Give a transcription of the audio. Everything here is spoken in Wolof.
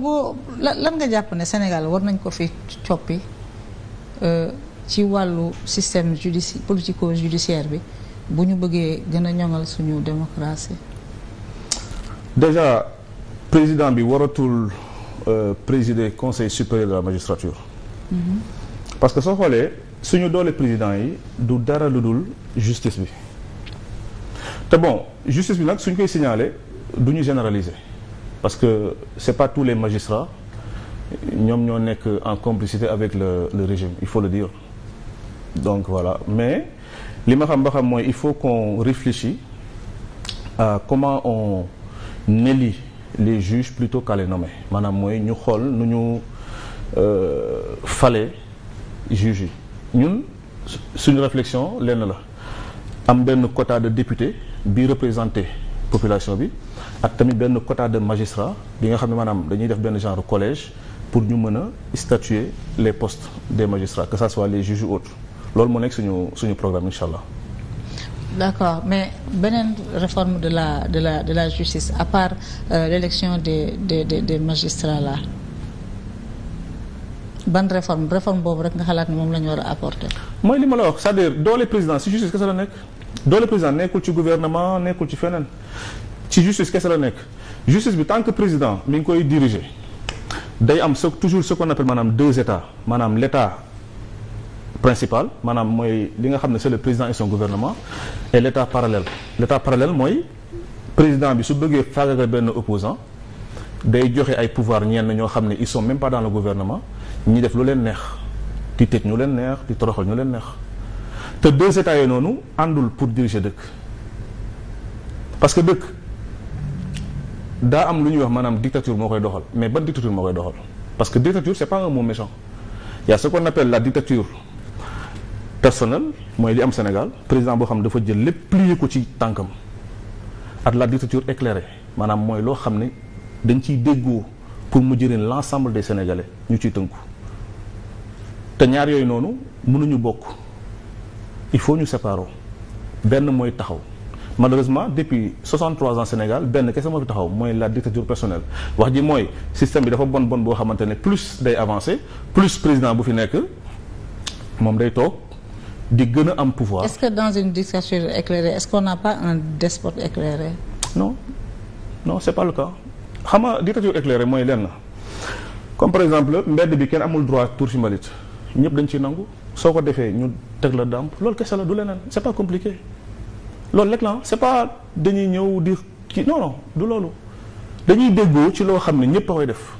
boo lan nga jàpp ne Sénégal war nañ ko fi coppi euh, ci wàllu système judici politico judiciaire bi bu ñu bëggee gën a ñoŋal suñu démocratie. déjà président bi waratul euh, présider conseil supérieur de la magistrature. Mm-hmm. parce que soo xoolee suñu doole président yi du dara lu dul justice bi te bon justice bi nag suñ koy signaler du ñu généraliser. parce que c'est pas tous les magistrats ñoom ñoo nekk en complicité avec le le régime il faut le dire donc voilà mais li ma xam ba xam mooy il faut qu'on réfléchisse à comment on élit les juges plutôt qu'à les nommer maanaam mooy ñu xool nu ñu euh, fale juges yi ñun suñu réflexion lenn la am benn quota de député bi représenté population bi ak tamit benn quota de magistrat bi nga xam ne maanaam dañuy def benn genre collège pour ñu mën a statuer les postes des magistrats que ça soit les juges ou autres loolu moo nekk suñu suñu programme incha allah. d'accord mais beneen réforme de la de la de la justice à part euh, de de des des des magistrats là ban réforme réforme boobu rek nga xalaat ni moom la ñu war a apporter. mooy li ma la wax c'est-à-dire doole président si justice kese la nekk. doole président nekkul ci gouvernement nekkul ci feneen ci justice kese la nekk justice bi tant que président mi ngi koy diriger day am toujours ce qu'on appelle maanaam deux états maanaam l'état principal maanaam mooy li nga xam ne c'est le président et son gouvernement et l'état parallèle l'état parallèle mooy président bi su bëggee faagagal benn opposant day joxe ay pouvoir ñenn ñoo xam ne il sont même pas dans le gouvernement ñi def lu leen neex di tëj ñu leen neex di toroxal ñu leen neex te deux états yooyu noonu àndul pour diriger dëkk parce que dëkk daa am lu ñuy wax maanaam dictature moo koy doxal mais ban dictature moo koy doxal parce que dictature c'est pas un mot méchant y a ce qu'on la dictature personnelle mooy li am Sénégal président boo xam ne dafa jël lépp plié ko ci tànkam ak la dictature éclairée maanaam mooy loo xam ne dañ ciy déggoo pour mu jëriñ l'ensemble des Sénégalais ñu ciy tënku te ñaar yooyu noonu mënuñu bokk il faut ñu séparons benn mooy taxaw malheureusement depuis 63 ans Sénégal benn kese moo fi taxaw mooy la dictature personnel wax ji mooy système bi dafa bon bon boo xamante ne plus day avancer plus président bu fi nekk moom day toog di gën a am pouvoir. est-ce que dans une dictature éclairée est-ce qu'on n'a pas un despote éclairé. non non c'est pas le cas xam nga dictature éclairée mooy lenn comme par exemple mbedd bi kenn amul droit tuur ci ñëpp dañu ciy nangu soo ko defee ñu teg la dàmp loolu kese la du leneen c'est pas compliqué loolu rek la c'est pas dañuy ñëw di ci non du loolu dañuy déggoo ci loo xam ne ñëpp a koy def